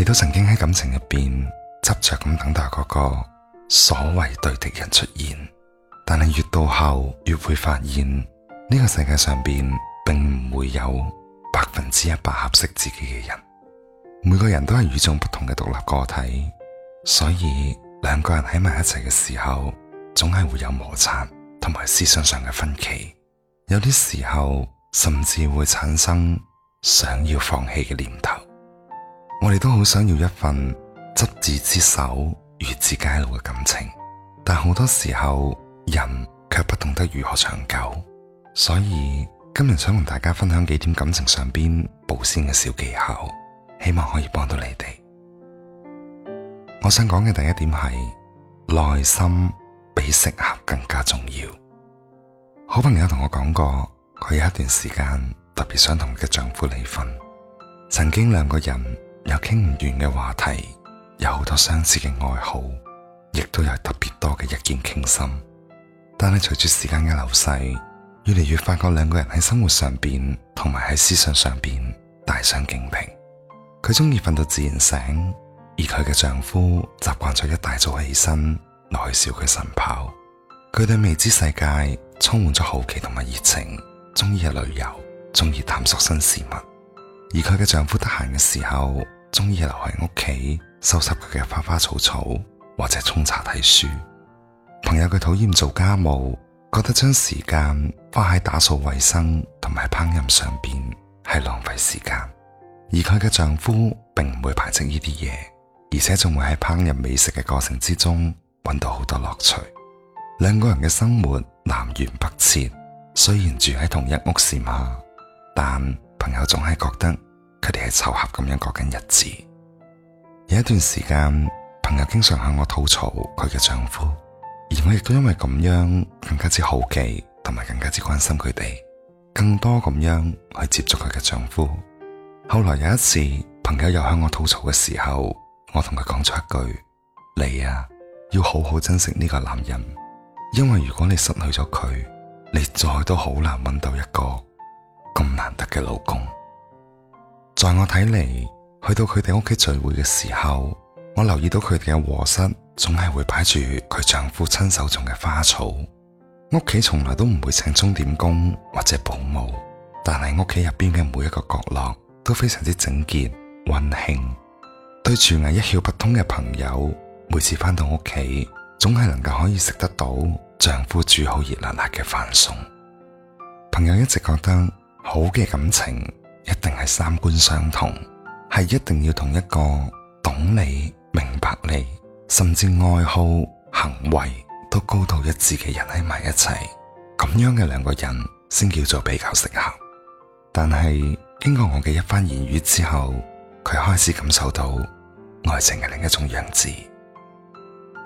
你都曾經喺感情入邊執着咁等待嗰個哥哥所謂對的人出現，但係越到後越會發現呢個世界上邊並唔會有百分之一百合適自己嘅人。每個人都係與眾不同嘅獨立個體，所以兩個人喺埋一齊嘅時候，總係會有摩擦同埋思想上嘅分歧，有啲時候甚至會產生想要放棄嘅念頭。我哋都好想要一份執子之手、與子偕老嘅感情，但好多時候人卻不懂得如何長久，所以今日想同大家分享幾點感情上邊保鮮嘅小技巧，希望可以幫到你哋。我想講嘅第一點係，內心比適合更加重要。好朋友同我講過，佢有一段時間特別想同佢嘅丈夫離婚，曾經兩個人。有傾唔完嘅話題，有好多相似嘅愛好，亦都有特別多嘅一見傾心。但係隨住時間嘅流逝，越嚟越發覺兩個人喺生活上面同埋喺思想上面大相徑庭。佢中意瞓到自然醒，而佢嘅丈夫習慣咗一大早起身來笑佢晨跑。佢對未知世界充滿咗好奇同埋熱情，中意去旅遊，中意探索新事物。而佢嘅丈夫得閒嘅時候。中意留喺屋企收拾佢嘅花花草草，或者沖茶睇書。朋友佢討厭做家務，覺得將時間花喺打掃衛生同埋烹飪上邊係浪費時間。而佢嘅丈夫並唔會排斥呢啲嘢，而且仲會喺烹飪美食嘅過程之中搵到好多樂趣。兩個人嘅生活南轅北轍，雖然住喺同一屋檐下，但朋友總係覺得。佢哋係湊合咁樣過緊日子。有一段時間，朋友經常向我吐槽佢嘅丈夫，而我亦都因為咁樣更加之好奇，同埋更加之關心佢哋，更多咁樣去接觸佢嘅丈夫。後來有一次，朋友又向我吐槽嘅時候，我同佢講咗一句，你呀，要好好珍惜呢個男人，因為如果你失去咗佢，你再都好難揾到一個咁難得嘅老公。在我睇嚟，去到佢哋屋企聚會嘅時候，我留意到佢哋嘅臥室總係會擺住佢丈夫親手種嘅花草。屋企從來都唔會請鐘點工或者保姆，但係屋企入邊嘅每一個角落都非常之整潔溫馨。對廚藝一竅不通嘅朋友，每次翻到屋企，總係能夠可以食得到丈夫煮好熱辣辣嘅飯餸。朋友一直覺得好嘅感情一定係三觀相同，係一定要同一個懂你、明白你，甚至愛好、行為都高度一致嘅人喺埋一齊，咁樣嘅兩個人先叫做比較適合。但係經過我嘅一番言語之後，佢開始感受到愛情嘅另一種樣子。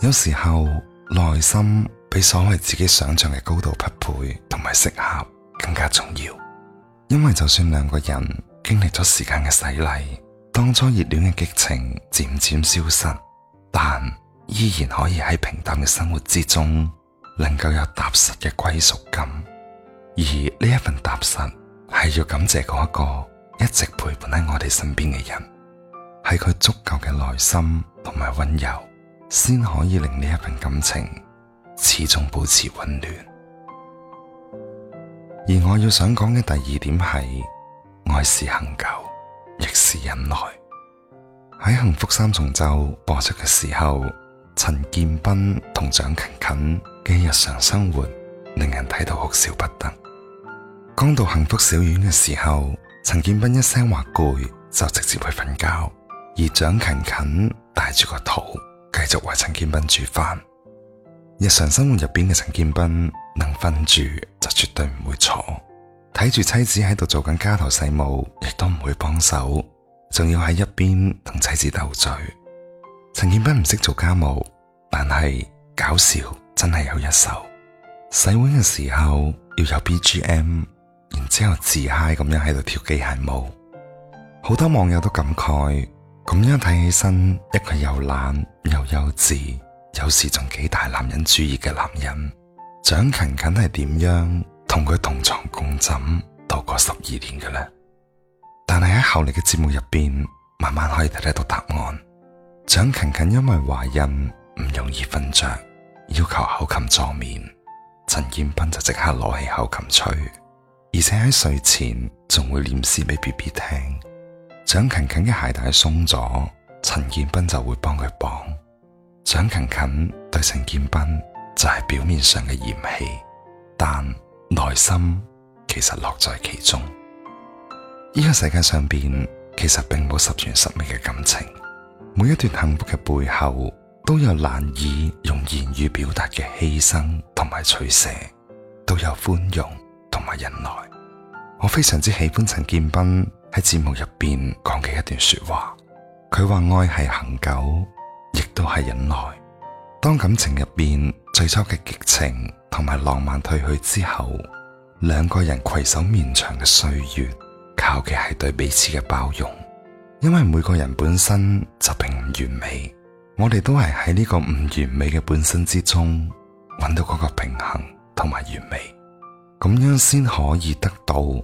有時候，內心比所謂自己想象嘅高度匹配同埋適合更加重要。因為就算兩個人經歷咗時間嘅洗禮，當初熱戀嘅激情漸漸消失，但依然可以喺平淡嘅生活之中，能夠有踏實嘅歸屬感。而呢一份踏實，係要感謝嗰一個一直陪伴喺我哋身邊嘅人，係佢足夠嘅耐心同埋温柔，先可以令呢一份感情始終保持温暖。而我要想講嘅第二點係，愛是恒久，亦是忍耐。喺《幸福三重奏》播出嘅時候，陳建斌同蔣勤勤嘅日常生活令人睇到哭笑不得。剛到幸福小院嘅時候，陳建斌一聲話攰就直接去瞓覺，而蔣勤勤帶住個肚繼續為陳建斌煮飯。日常生活入邊嘅陳建斌，能瞓住就絕對唔會坐，睇住妻子喺度做緊家頭細務，亦都唔會幫手，仲要喺一邊同妻子鬥嘴。陳建斌唔識做家務，但係搞笑真係有一手。洗碗嘅時候要有 BGM，然之後自嗨咁樣喺度跳機械舞。好多網友都感慨，咁樣睇起身，一個又懶又幼稚，有時仲幾大男人主義嘅男人，蔣勤勤係點樣同佢同床共枕度過十二年嘅呢？但係喺後嚟嘅節目入邊，慢慢可以睇得到答案。蔣勤勤因為懷孕唔容易瞓着，要求口琴助眠，陳建斌就即刻攞起口琴吹，而且喺睡前仲會念詩俾 BB 聽。蔣勤勤嘅鞋帶鬆咗，陳建斌就會幫佢綁。蔣勤勤對陳建斌就係表面上嘅嫌棄，但內心其實樂在其中。呢個世界上邊其實並冇十全十美嘅感情，每一段幸福嘅背後都有難以用言語表達嘅犧牲同埋取捨，都有寬容同埋忍耐。我非常之喜歡陳建斌喺節目入邊講嘅一段說話，佢話愛係恆久。都係忍耐。當感情入邊最初嘅激情同埋浪漫退去之後，兩個人攜手綿長嘅歲月，靠嘅係對彼此嘅包容。因為每個人本身就並唔完美，我哋都係喺呢個唔完美嘅本身之中，揾到嗰個平衡同埋完美，咁樣先可以得到我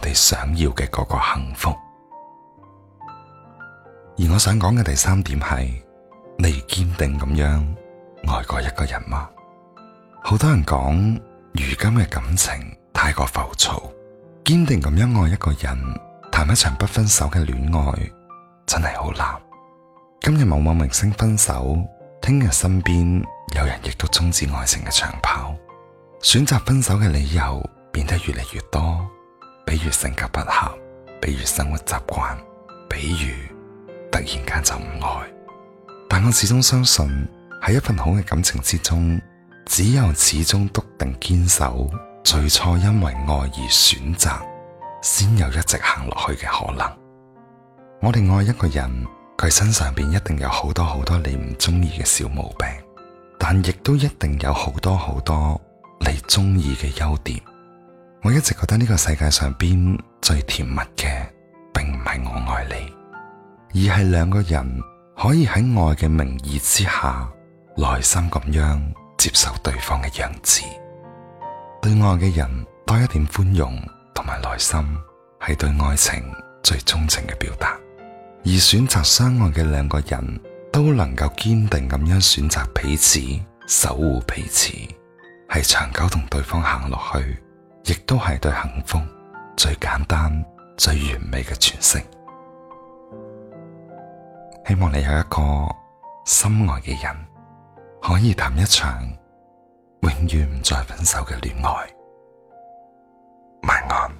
哋想要嘅嗰個幸福。而我想講嘅第三點係。你堅定咁樣愛過一個人嗎？好多人講，如今嘅感情太過浮躁，堅定咁樣愛一個人，談一場不分手嘅戀愛，真係好難。今日某某明星分手，聽日身邊有人亦都終止愛情嘅長跑，選擇分手嘅理由變得越嚟越多，比如性格不合，比如生活習慣，比如突然間就唔愛。但我始終相信，喺一份好嘅感情之中，只有始終篤定堅守，最初因為愛而選擇，先有一直行落去嘅可能。我哋愛一個人，佢身上邊一定有好多好多你唔中意嘅小毛病，但亦都一定有好多好多你中意嘅優點。我一直覺得呢個世界上邊最甜蜜嘅，並唔係我愛你，而係兩個人。可以喺愛嘅名義之下，內心咁樣接受對方嘅樣子，對愛嘅人多一點寬容同埋耐心，係對愛情最忠誠嘅表達。而選擇相愛嘅兩個人都能夠堅定咁樣選擇彼此，守護彼此，係長久同對方行落去，亦都係對幸福最簡單、最完美嘅傳承。希望你有一個心愛嘅人，可以談一場永遠唔再分手嘅戀愛，晚安。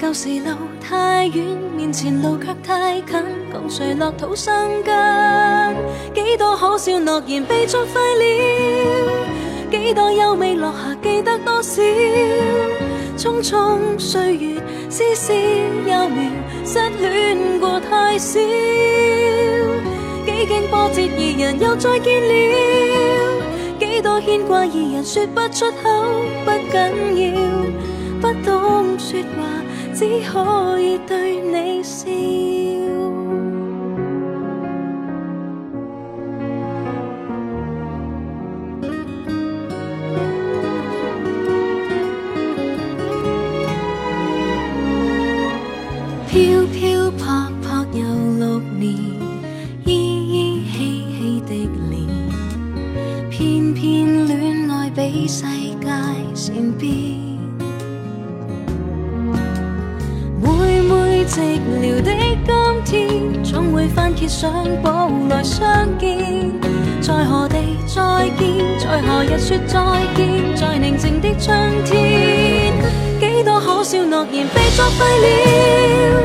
舊時路太遠，面前路卻太近，共誰落土生根？幾多可笑諾言被作廢了，幾多優美落霞記得多少？匆匆歲月，絲絲幼苗，失戀過太少。幾經波折，二人又再見了，幾多牽掛，二人説不出口，不緊要。不懂說話，只可以對你笑。飄飄泊泊又六年，依依稀稀的臉，偏偏戀愛比世界善變。寂寥的今天，總會翻揭相簿來相見。在何地再見？在何日說再見？在寧靜的春天。幾多可笑諾言被作廢了，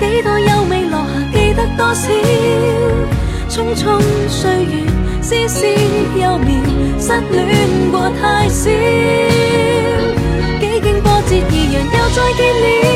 幾多優美落下記得多少？匆匆歲月，絲絲幽綿，失戀過太少。幾經波折，二人又再見了。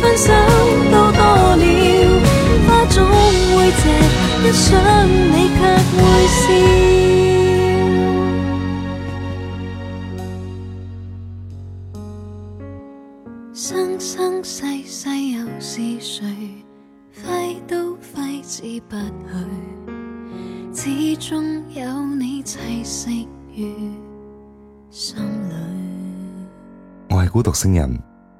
分手都多了，花總會謝，一想你卻會笑。生生世世又是誰，揮都揮之不去，始終有你棲息於心裏。我係孤獨星人。